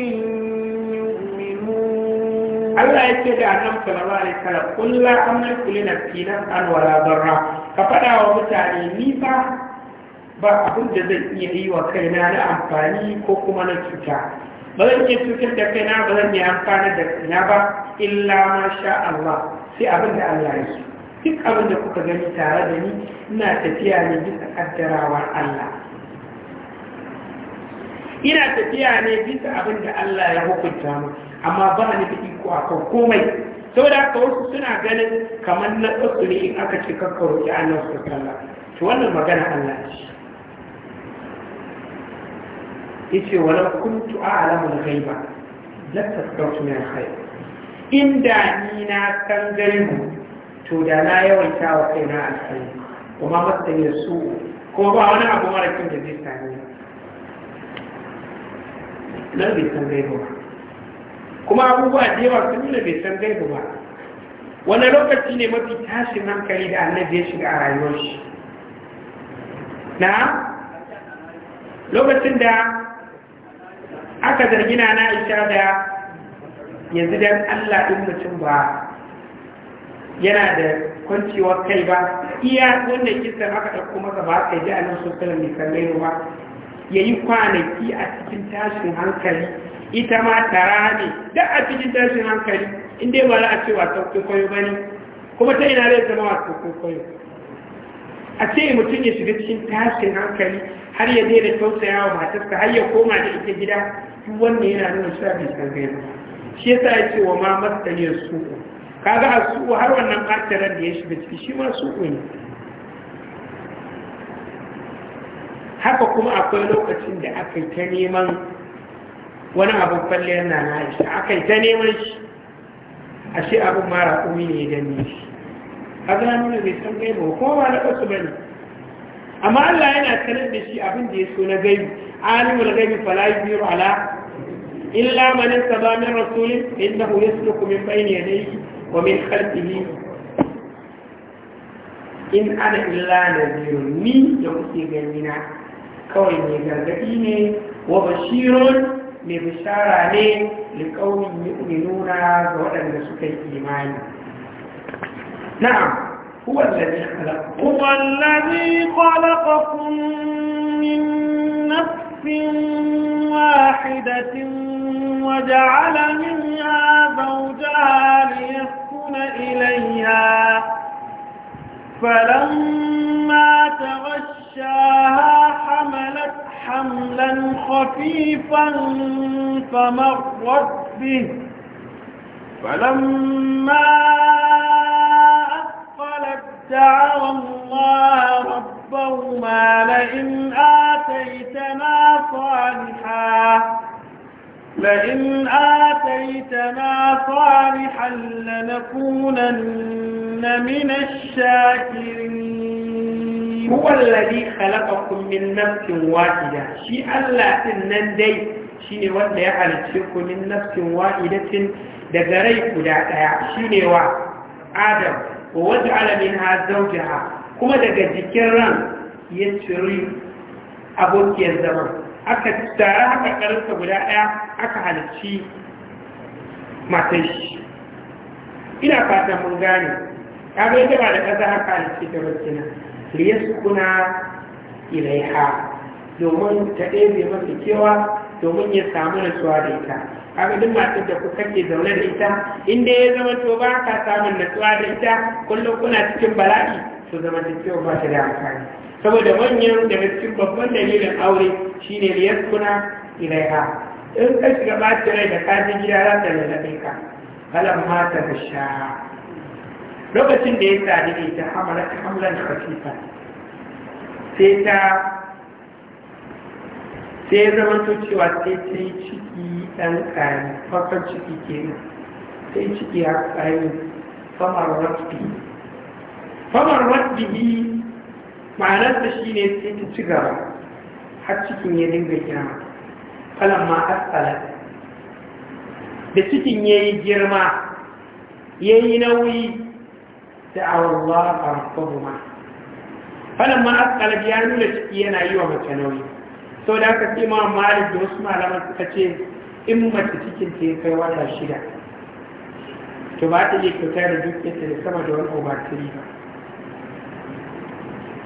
ce da يكتب أنم صلى الله عليه وسلم قل لا أملك لنفسي نفعا ولا ضرا ففدا mutane ni ba abin da zan iya yi wa kaina na amfani ko kuma na cuta ba zan iya cutar da kaina ba zan iya amfana da kaina ba illa ma sha Allah sai abin da Allah ya duk abin da kuka gani tare da ni ina tafiya ne bisa kaddarawar Allah ina tafiya ne bisa abin da Allah ya hukunta mu amma ba ni da iko akan komai saboda haka wasu suna ganin kamar na tsotsu ne in aka ce kakkaro ya Allah su kalla to wannan magana Allah ce yace wala kuntu a'lamu al-ghaiba la tasdaqtu min khair inda ni na san gaibu to da na yawaita wa kaina alkhairi kuma matsayin su ko ba wani abu mara kin da zai sani kuma abubuwa da yawa sun nuna bai san gaibu ba wani lokaci ne mafi tashin hankali da annabi ya shiga a rayuwar na lokacin da aka zargina na na isha da yanzu dan Allah ɗin mutum ba yana da kwanciyar kai ba iya wannan kisa aka ɗauko masa ba a kai ji a nan sosalar mai san gaibu ba ya yi kwanaki a cikin tashin hankali ita ma tara ne da a cikin tashin hankali inda ba za a ce wasan kwaikwayo ba ne kuma ta ina zai zama ko kwaikwayo a ce mutum ya shiga cikin tashin hankali har ya daina tausaya wa matarsa har ya koma da ita gida duk wanda yana nuna shi bai san gai shi yasa ya ce wa ma masaliyar su'u kaga a su'u har wannan ɓatarar da ya shiga ciki shi ma su'u ne haka kuma akwai lokacin da aka yi ta neman wani abin kwalliyar na na aisha aka yi ta neman shi a shi abin mara kumi ne ya gani shi a gano da bai san gaibu ba na ba ne. amma allah yana sanar da shi abin da ya so na gaibu alimul gaibu fala yubiru ala illa man saba min rasulin innahu yasluku min bayni yadayhi wa min khalfihi in ana illa na nadhirun ni da kuke gani na kawai mai gargadi ne wa bashirun mai bishara ne liƙaunin yu'minuna ga waɗanda suka yi imani na'am هو الذي خلق هو الذي خلقكم من نفس واحدة وجعل منها زوجها ليسكن إليها فلما تغشى غشاها حملت حملا خفيفا فمرت به فلما أثقلت دعوا الله ربهما لئن آتيتنا صالحا لئن آتيتنا صالحا لنكونن من الشاكرين shi wallazi khalaqakum min nafsin wa'ida shi Allah ɗin nan dai ne wanda ya halarci ku min nafsin wahidatin daga rai guda shi ne wa Adam wa waj'ala minha ha? kuma daga jikin ran ya ciri abokiyar zama aka tare haka karsa guda ɗaya aka halicci matan shi ina fatan mun gane kaga bai ba da ƙasa haka halicci ta bakina liyaskuna ilaiha domin ta zai masa kewa domin ya samu natsuwa da ita kaga duk da ku kake zaune da ita in inda ya zama to ba ka samun natsuwa da ita kullum kuna cikin bala'i su zama da kewa ba ta da amfani saboda manyan daga cikin babban dalilin aure shine liyaskuna ilaiha in ka shiga ta rai da kajin gida za ta lalabe ka kalan mata ta sha lokacin da ya sadu ta ita ta hamlan khasifa sai ta sai ya zama to cewa sai ta yi ciki ɗan ƙari farkon ciki kenan sai ciki ya ƙari famar rasbi famar ma'anar ma'anarsa shi ne sai ta ci gaba har cikin ya dinga girma falon ma asala da cikin ya yi girma ya yi nauyi a Allah farfahuma fadan ma asqalab ya nuna ciki yana yi wa mace nauyi sau da aka ce ma malik da wasu malaman suka ce in mace cikin ta ya kai wata shida to ba ta iya kyauta da dukiyarta da sama da wani obatiri ba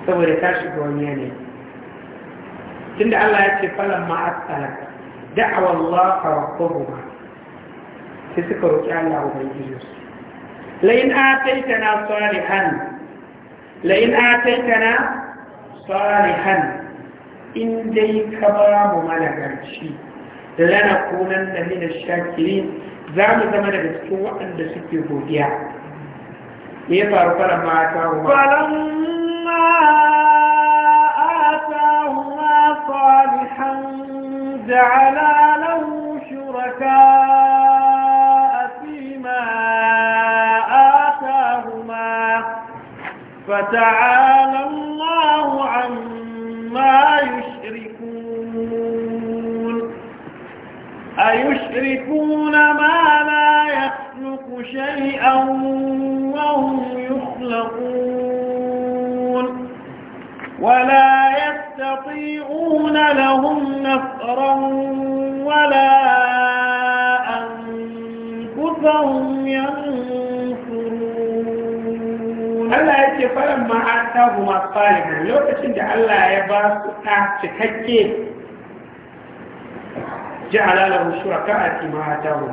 saboda ta shiga wani yanayi tunda Allah ya ce falon ma asala da'awa a fa rabbuhuma sai suka roƙi Allah ubangiji su لئن آتيتنا صالحا لئن آتيتنا صالحا إن دي كبام ملكاتي لنكونن من الشاكرين زعم زمن بسوء أن بسكي بوديا يفعل إيه فلما آتاهما فلما آتاهما صالحا جعلا له فتعالى الله عما يشركون أيشركون ما لا يخلق شيئا وهم يخلقون ولا يستطيعون لهم نفرا ولا أنفسهم ينفرون falon ma an tagu masu lokacin da Allah ya ba su ta cikakke ji alalar shuraka a kima a tagu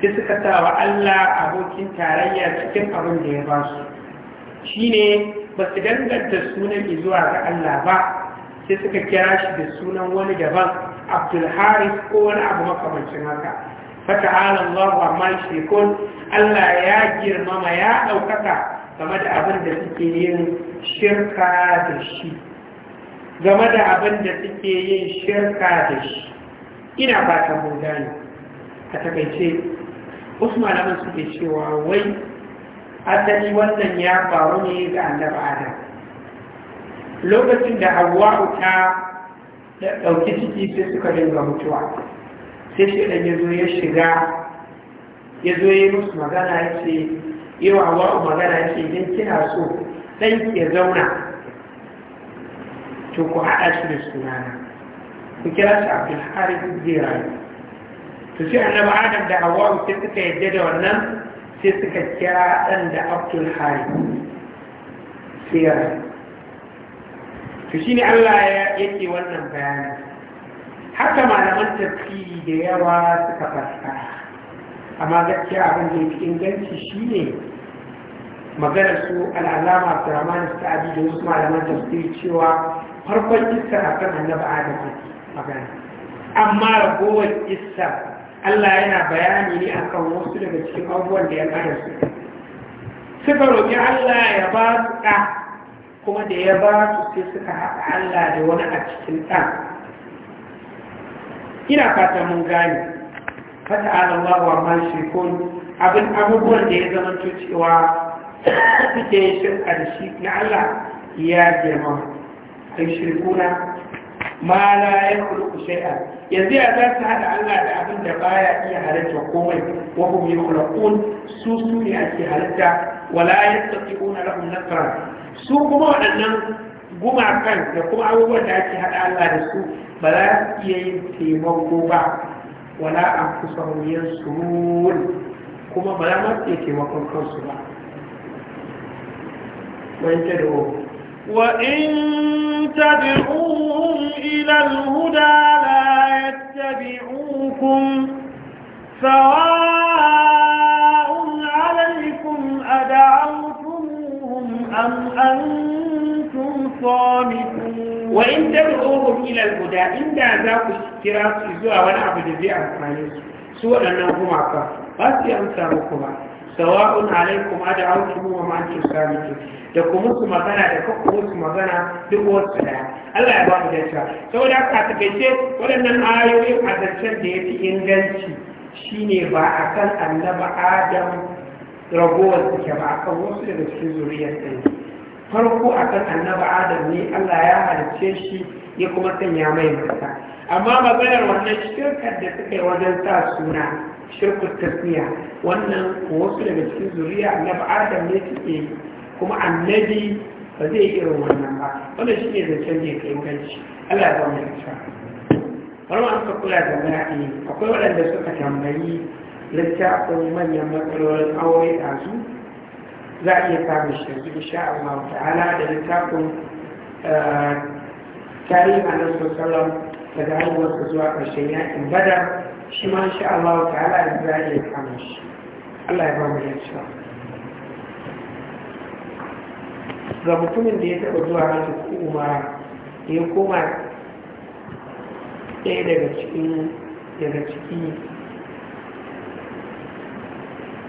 sai suka sa wa Allah abokin tarayya cikin abin da ya ba su shi ne ba su danganta sunan izuwa ga Allah ba sai suka kira shi da sunan wani daban abdulharis ko wani abu makamancin haka fata'ala Allah wa ma shirkun Allah ya girmama ya ɗaukaka game da abin da suke yin shirka da shi game da abin da suke yin shirka da shi ina ta mun ne a takaice wasu malaman suke cewa wai asali wannan ya faru ne ga annaba adam lokacin da hawa'u ta dauki ciki sai suka dinga mutuwa sai shi ya zo ya shiga ya zo musu magana ya ce yawa wa magana ce idan kina so dan ke zauna to ku haɗa shi da sunana ku kira shi abdul harith jirayi to sai annabi adam da hawa sai suka yadda da wannan sai suka kira ɗan da abdul harith jirayi to shine Allah ya yake wannan bayani haka malaman tafsiri da yawa suka fassara amma gaskiya abin da ya fi inganci shi ne magana su al'alama abdurrahman sa'adi da wasu malaman tafsiri cewa farkon iskar a kan annabi adam magana amma ragowar isa, Allah yana bayani ne akan wasu daga cikin abubuwan da ya kare su suka roƙi Allah ya ba su ɗa kuma da ya ba su sai suka haɗa Allah da wani a cikin ɗan ina fatan mun gane fata'ala Allahu amma kun abin abubuwan da ya zama cewa suke shirka da shi na Allah ya yi shirkuna ma la ku shay'a yanzu ya za su haɗa Allah da abin da baya iya halitta komai wa hum kun su su ne ake halitta wala yastati'una lahum nasra su kuma waɗannan gumakan da kuma abubuwan da ake haɗa Allah da su ba za su iya yin taimako ba wala an kusa wuyan sun kuma ba ya mace ke makon kansu ba wani ta da wani wa in tabi un ilal huda la ya tabi unkun sawa un alaikun a da'autun hun an an tun sami wa in tabi un ilal huda inda za ku kira su zuwa wani abu da zai amfani su su waɗannan gumaka ba su yi amsa muku ba sawa'un alaikum ada ma wa sami samitu da ku musu magana da ku musu magana duk wasu daya Allah ya ba mu da cewa saboda haka ta waɗannan ayoyin a da ya fi inganci shine ba a kan annaba adam ragowar suke ba a kan wasu daga cikin zuriyar ɗin farko a kan annaba adam ne Allah ya halicce shi ya kuma sanya mai mata amma maganar wannan shirkar da suka yi wajen sa suna shirkar tafiya wannan wasu daga cikin zuriya na ba'adar ne suke yi kuma annabi ba zai yi irin wannan ba wannan shi ne zancen da ya kai inganci allah ya zama ya wani an suka kula da mara'i akwai waɗanda suka tambayi littafin manyan matsalolin aure a su za a iya samun shi yanzu insha Allah ta'ala da littafin eh, tarihi a nan sallallahu daga haihuwarsa zuwa ƙarshen yakin bada shi ma shi Allah ta'ala da za a iya kama shi Allah ya ba mu ba. ga mutumin da ya taɓa zuwa hajji ko umara ya koma ɗaya daga cikin daga ciki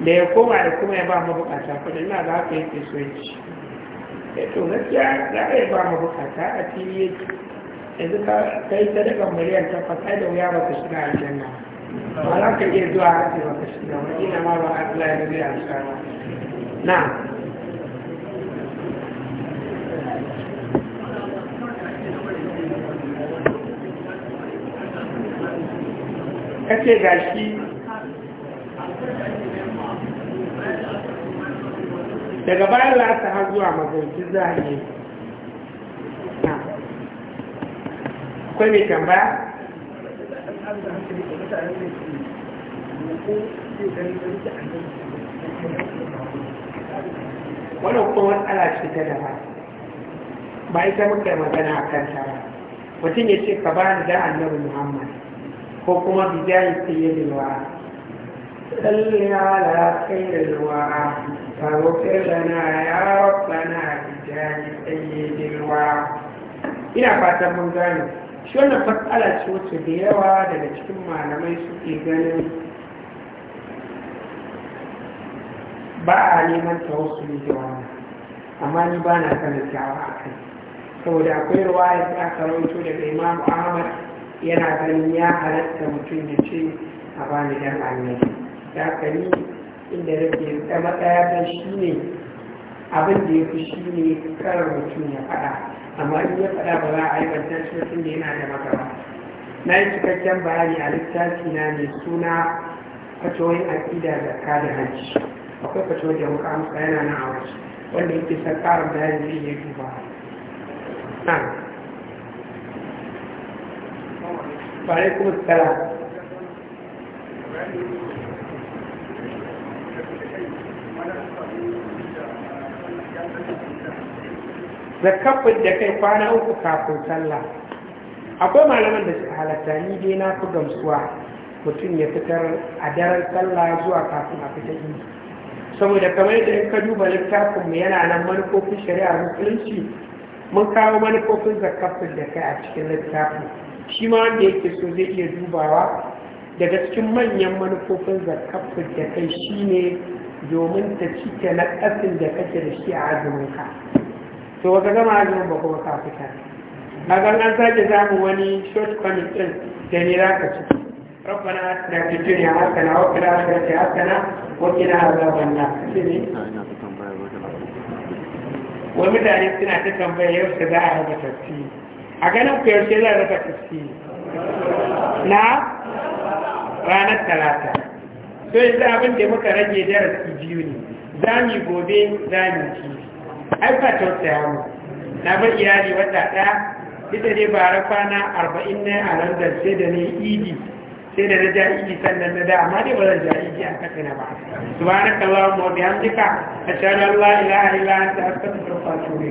da ya koma da kuma ya ba bukata kudin na za ka ke so ya ci ya eh, to ya za a yi ba bukata a fili ci. yanzu ka kai sadaka miliyan takwas ai da wuya ba ka shiga aljanna ba za ka iya zuwa hajji ba ka shiga ba ina ma ba a na kace gashi daga bayan har zuwa magarci zahiri akwai mai tambaya wannan kuma matsala ce ta da ba ba ita muka magana a kanta ba mutum ya ce ka ba ni da annabi muhammad ko kuma bijayi sayyidin wa'a salli ala sayyidin wa'a فاغفر لنا يا ربنا بجاه سيد الوعد ina fatan mun gane shi wannan matsala ce wacce da yawa daga cikin malamai suke ganin ba a neman ne da wani amma ni ba na sanar kyawa a kai saboda akwai ruwa ya fi aka rauto daga imam ahmad yana ganin ya halatta mutum da ce a ba ni dan annabi da aka ni inda rage tsama ɗaya shi ne abin da ya fi shi ne karar mutum ya faɗa amma in ya faɗa ba za a aikata shi mutum da yana da ba na yi cikakken bayani a littafi na mai suna fatoyin aƙida da da hajji akwai fatoyin da muka amsa yana na a wasu wanda yake san ƙarin bayani zai iya duba na ba kuma tsara kafin da kai kwana uku kafin sallah akwai malaman da suka halatta ni dai na fi gamsuwa mutum ya fitar a daren sallah zuwa kafin a fita yi saboda kamar yadda in ka duba littafin mu yana nan manufofin shari'a musulunci mun kawo manufofin zakafin da kai a cikin littafin shi ma wanda yake so zai iya dubawa daga cikin manyan manufofin zakafin da kai shine domin ta cike na ƙasin da kake da shi a ka. to wata gama azumin ba kuma ka fita a gan an sake samun wani short comment din da ni zaka ci ربنا اتنا في الدنيا حسنه وفي الاخره حسنه وقنا عذاب النار Wani mutane suna ta tambaya yau da za a raba tafsi a ganin ku yaushe za a raba tafsi na ranar talata so yanzu abin da muka rage darasi biyu ne za mu gobe za mu ci ai ba tausaya mu na bar iyali wata ɗaya ita ne bara kwana arba'in ne a london sai da ne idi sai da na ja idi sannan na da amma dai ba zan ja idi a kasa na ba subhanaka allahumma wa a ashhadu an la ilaha illa anta astaghfiruka wa atubu ne.